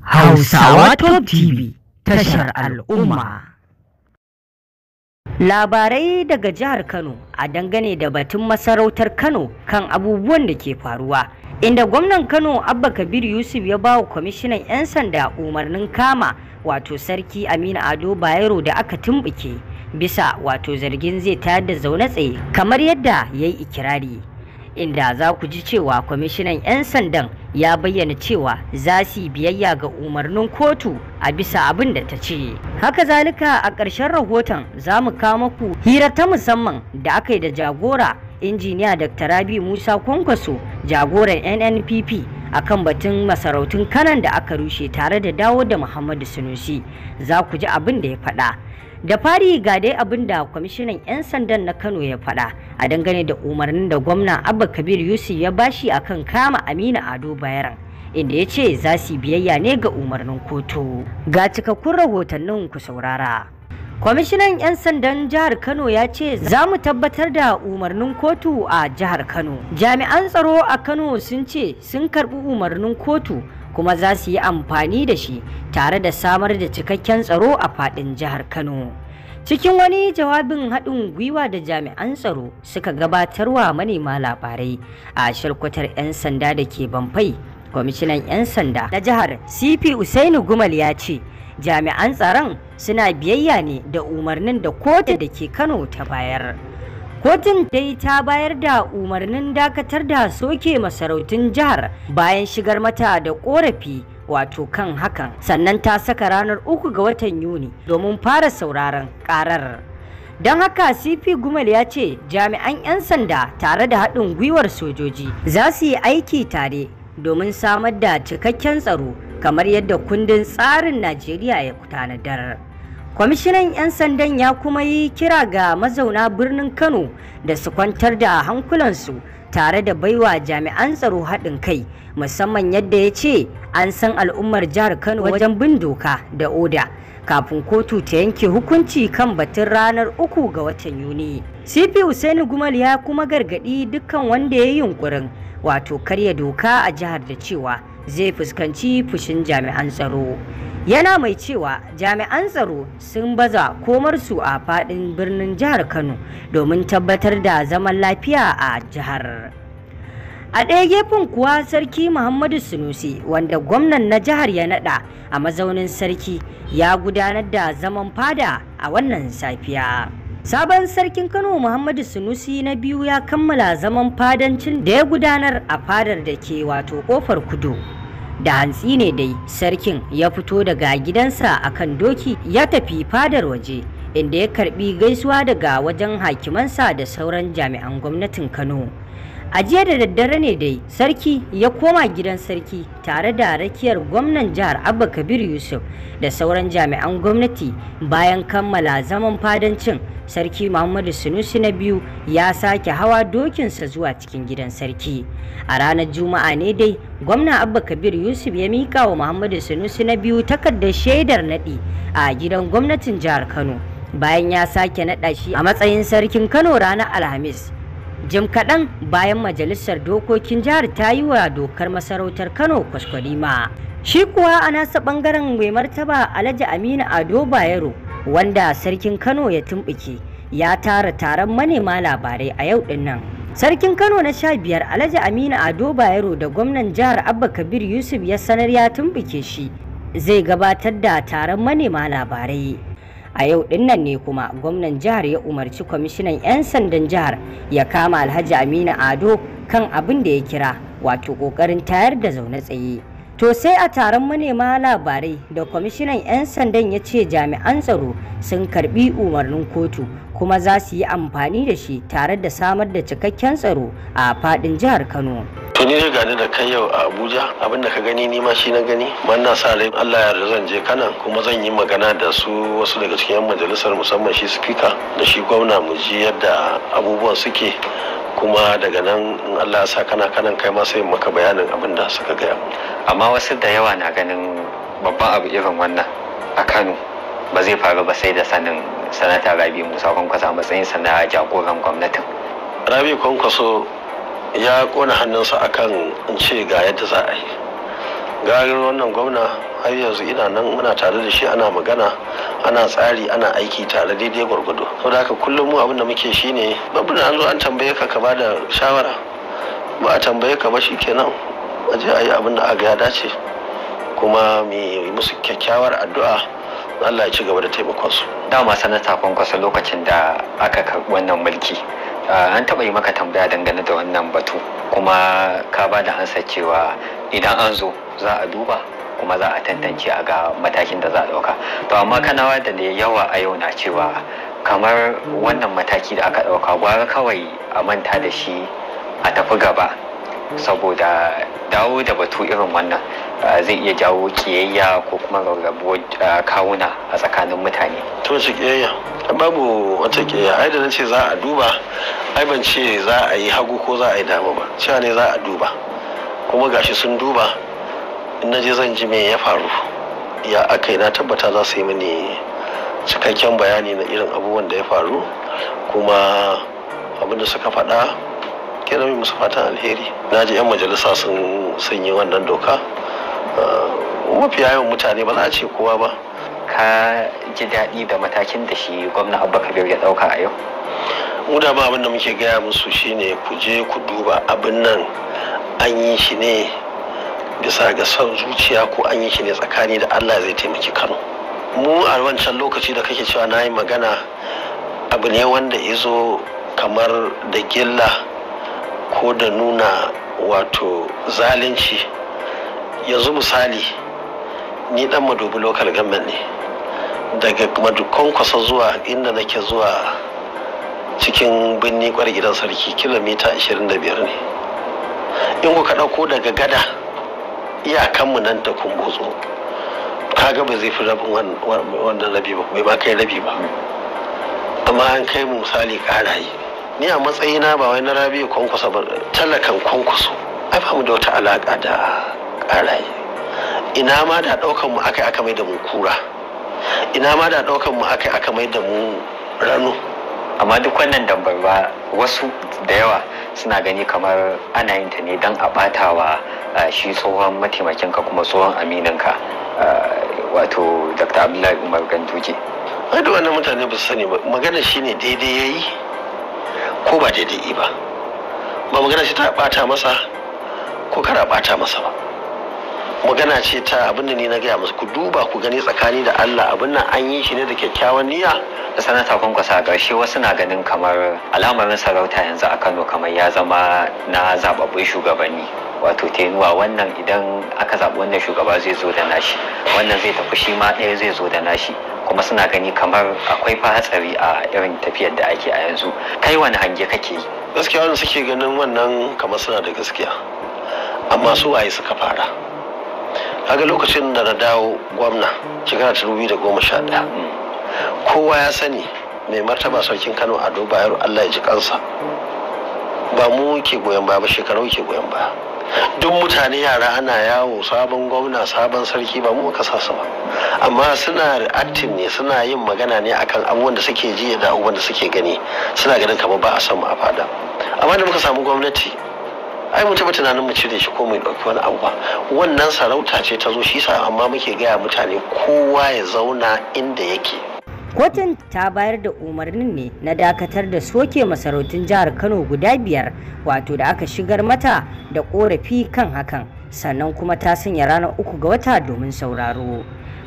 Hausawa Top TV tashar al'umma. Labarai daga jihar Kano a dangane da batun masarautar Kano kan abubuwan da ke faruwa. Inda gwamnan Kano Abba Kabir Yusuf ya ba wa kwamishinan 'yan sanda umarnin kama wato sarki Aminu Ado Bayero da aka tumbuke bisa wato zargin zai tayar da zaune tsaye kamar yadda ya yi ikirari. inda za ku ji cewa kwamishinan 'yan sandan ya bayyana cewa za su biyayya ga umarnin kotu a bisa abin da ta ce haka zalika a ƙarshen rahoton za mu kawo maku hira ta musamman da aka yi da jagora injiniya dr rabi musa kwankwaso jagoran nnpp a kan batun masarautun kanan da aka rushe tare da dawo da muhammadu sunusi za ku ji abin da ya faɗa da fari ga dai abin da kwamishinan 'yan sandan na kano ya faɗa a dangane da umarnin da gwamna abba kabir yusuf ya bashi kan kama amina ado bayaran inda ya ce za su biyayya ne ga umarnin kotu ga cikakkun rahotannin ku saurara kwamishinan 'yan sandan jihar kano ya ce za mu tabbatar da umarnin kotu a jihar kano jami'an tsaro a kano sun ce sun karbi umarnin kotu kuma za su yi amfani da shi tare da samar da cikakken tsaro a faɗin jihar Kano. Cikin wani jawabin haɗin gwiwa da jami'an tsaro suka gabatarwa manema labarai a shirkutar 'yan sanda da ke Bamfai, kwamishinan 'yan sanda na jihar CP Usainu Gumal ya ce, jami'an tsaron suna biyayya ne da umarnin da kotu da ke Kano ta bayar. Kotun dai ta bayar da umarnin dakatar da soke masarautun jihar bayan shigar mata da korafi wato kan hakan sannan ta saka ranar uku ga watan Yuni domin fara sauraron karar. Don haka CP Gumal ya ce jami'an 'yan sanda tare da haɗin gwiwar sojoji za su yi aiki tare domin samar da cikakken tsaro kamar yadda kundin tsarin Najeriya ya tanadar. kwamishinan 'yan sandan ya kuma yi kira ga mazauna birnin kano da su kwantar da hankulansu tare da baiwa jami'an tsaro haɗin kai musamman yadda ya ce an san al'ummar jihar kano wajen bin doka da oda kafin kotu ta yanke hukunci kan batun ranar uku ga watan yuni cp usaini gumal ya kuma gargaɗi dukkan wanda ya yi yunkurin wato karya doka a jihar da cewa zai fuskanci fushin jami'an tsaro yana mai cewa jami'an tsaro sun baza komarsu a fadin birnin jihar kano domin tabbatar da zaman lafiya a jihar a ɗaya gefen kuwa sarki muhammadu sunusi wanda gwamnan na jihar ya naɗa a mazaunin sarki ya gudanar da zaman fada a wannan safiya sabon sarkin kano muhammadu sunusi na biyu ya kammala zaman fadancin da ya gudanar a fadar da ke wato kofar kudu da hantsi ne dai sarkin ya fito daga gidansa akan doki ya tafi fadar waje inda ya karbi gaisuwa daga wajen hakimansa da sauran jami'an gwamnatin kano a jiya da daddare ne dai sarki ya koma gidan sarki tare da rakiyar gwamnan jihar abba kabir yusuf da sauran jami'an gwamnati bayan kammala zaman fadancin sarki muhammadu sunusi na biyu ya sake hawa dokinsa zuwa cikin gidan sarki a ranar juma'a ne dai gwamna abba kabir yusuf ya mika wa muhammadu sunusi na biyu takardar shaidar naɗi a gidan gwamnatin jihar kano bayan ya sake naɗa shi a matsayin sarkin kano ranar alhamis jim kaɗan bayan majalisar dokokin jihar ta yi wa dokar masarautar kano kwaskwarima shi kuwa a nasa ɓangaren mai martaba alhaji aminu ado bayero wanda sarkin kano ya tumɓuke ya tara taron manema labarai a yau ɗin nan sarkin kano na sha biyar alhaji aminu ado bayero da gwamnan jihar abba kabir yusuf ya sanar ya tumɓuke shi zai gabatar da taron manema labarai a yau dinnan ne kuma gwamnan jihar ya umarci kwamishinan 'yan sandan jihar ya kama alhaji aminu ado kan abin da ya kira wato kokarin tayar da zaune tsaye to sai a taron manema labarai da kwamishinan 'yan sandan ya ce jami'an tsaro sun karbi umarnin kotu kuma za su yi amfani da shi tare da samar da cikakken tsaro a faɗin jihar kano to ni zai gani da kai yau a abuja abin da ka gani ni ma shi na gani ma ina sa rai allah ya zan je kana kuma zan yi magana da su wasu daga cikin yan majalisar musamman shi spika da shi gwamna mu ji yadda abubuwan suke kuma daga nan in allah ya sa kana kanan kai ma sai maka bayanin abin da suka gaya amma wasu da yawa na ganin babban abu irin wannan a kano ba zai faru ba sai da sanin sanata rabi musa kwankwasa matsayin sana jagoran gwamnatin rabi kwankwaso ya kona hannunsa akan in ce ga yadda za a yi garin wannan gwamna har yanzu ina nan muna tare da shi ana magana ana tsari ana aiki tare daidai gwargwado da haka kullum mu abin da muke shi babu babban an zo an tambaye ka ka bada shawara ba a tambaye ka ba kenan a je a yi abin da aka ya dace kuma mu yi musu kyakkyawar addu'a Allah ya ci gaba da taimakon su dama sanata kwankwasa lokacin da aka karɓi wannan mulki Ah, an taɓa yi maka tambaya dangane da wannan batu kuma ka ba da ansa cewa idan an zo za a duba kuma za a tantance a ga matakin da za a ɗauka to amma kanawa da yawa a yau na cewa kamar wannan mataki da aka ɗauka gwara kawai a manta da shi a tafi gaba saboda dawo da batu irin wannan ah, zai iya jawo kiyayya ko kuma rarrabuwar ah, kawuna a tsakanin mutane. To su kiyayya. babu wata ƙiyayya ai da nace za a duba ai ban ce za a yi hagu ko za a yi damu ba cewa ne za a duba kuma gashi sun duba in na je zan ji me ya faru ya aka yi na tabbata za su yi mini cikakken bayani na irin abubuwan da ya faru kuma abinda suka faɗa kira mai musu fatan alheri na ji 'yan majalisa sun yi wannan doka mafi yawan mutane ba za a ce kowa ba ka ji daɗi da matakin da shi gwamna abba kabir ya ɗauka a yau mu da abin da muke gaya musu shine ku je ku duba abin nan an yi shi ne bisa ga son zuciya ko an yi shi ne tsakani da allah zai taimaki kano mu a wancan lokaci da kake cewa na yi magana abu ne wanda ya zo kamar da gilla ko da nuna wato zalunci yanzu misali ni dan madubi local government ne daga madukon kwasa zuwa inda nake zuwa cikin birni kwar gidan sarki kilomita 25 ne in kuka ɗauko daga gada iyakanmu nan ta Ka kaga ba zai fi rabin wannan rabi ba bai ba kai rabi ba amma an kai mu misali yi ni a matsayina ba wai na rabi kwankwasa ba talakan kwankwaso ai ba mu da wata alaƙa da yi ina ma da ɗaukan mu aka aka mai da mu kura ina ma da ɗaukar mu aka aka mai da mu rano amma duk wannan dambarwa wasu da yawa suna gani kamar ana yin ta ne don a ɓata wa shi tsohon mataimakin ka kuma tsohon aminin ka, wato dr abdullahi umar gantuje ai da wannan mutane ba su sani ba magana shi ne daidai ya yi ko ba daidai ba ba magana shi ta bata masa ko kara bata masa ba magana ce ta abin da ni na gaya musu ku duba ku gani tsakani da Allah abin nan an yi shi ne da kyakkyawan niyya da sanata kwan-kwasa, ƙarshe wasu na ganin kamar al'amarin sarauta yanzu a Kano kamar ya zama na zababbun shugabanni wato tenuwa wannan idan aka zaɓi wannan shugaba zai zo da nashi wannan zai tafi shi ma ɗaya zai zo da nashi kuma suna gani kamar akwai hatsari a irin tafiyar da ake a yanzu kai wani hange kake yi gaskiya wanda suke ganin wannan kamar suna da gaskiya amma su waye suka fara kaga lokacin da na dawo gwamna shekara ta rubi da goma sha ɗaya kowa ya sani mai martaba sarkin kano a bayero allah ya ji kansa ba mu ke goyon baya ba shekaru ke goyon baya duk mutane yara ana yawo sabon gwamna sabon sarki ba mu ka sa su ba amma suna reactive ne suna yin magana ne akan abubuwan da suke ji da abubuwan da suke gani suna ganin kamar ba a san mu a fada amma da muka samu gwamnati ai mu taɓa tunanin mu cire shi ko mu ɗauki wani abu ba wannan sarauta ce ta zo shi sa amma muke gaya mutane kowa ya zauna inda yake kotun ta bayar da umarnin ne na dakatar da soke masarautun jihar kano guda biyar wato da aka shigar mata da korafi kan hakan sannan kuma ta sanya ranar uku ga wata domin sauraro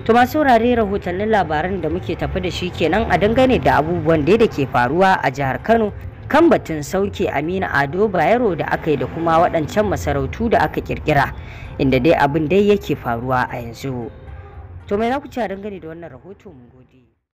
to masu saurare rahotannin labaran da muke tafi da shi kenan a dangane da abubuwan da ke faruwa a jihar kano kan batun sauke amina ado bayero da aka yi da kuma waɗancan masarautu da aka kirkira inda dai abin dai yake faruwa a yanzu to mai na ku ci da wannan rahoton gode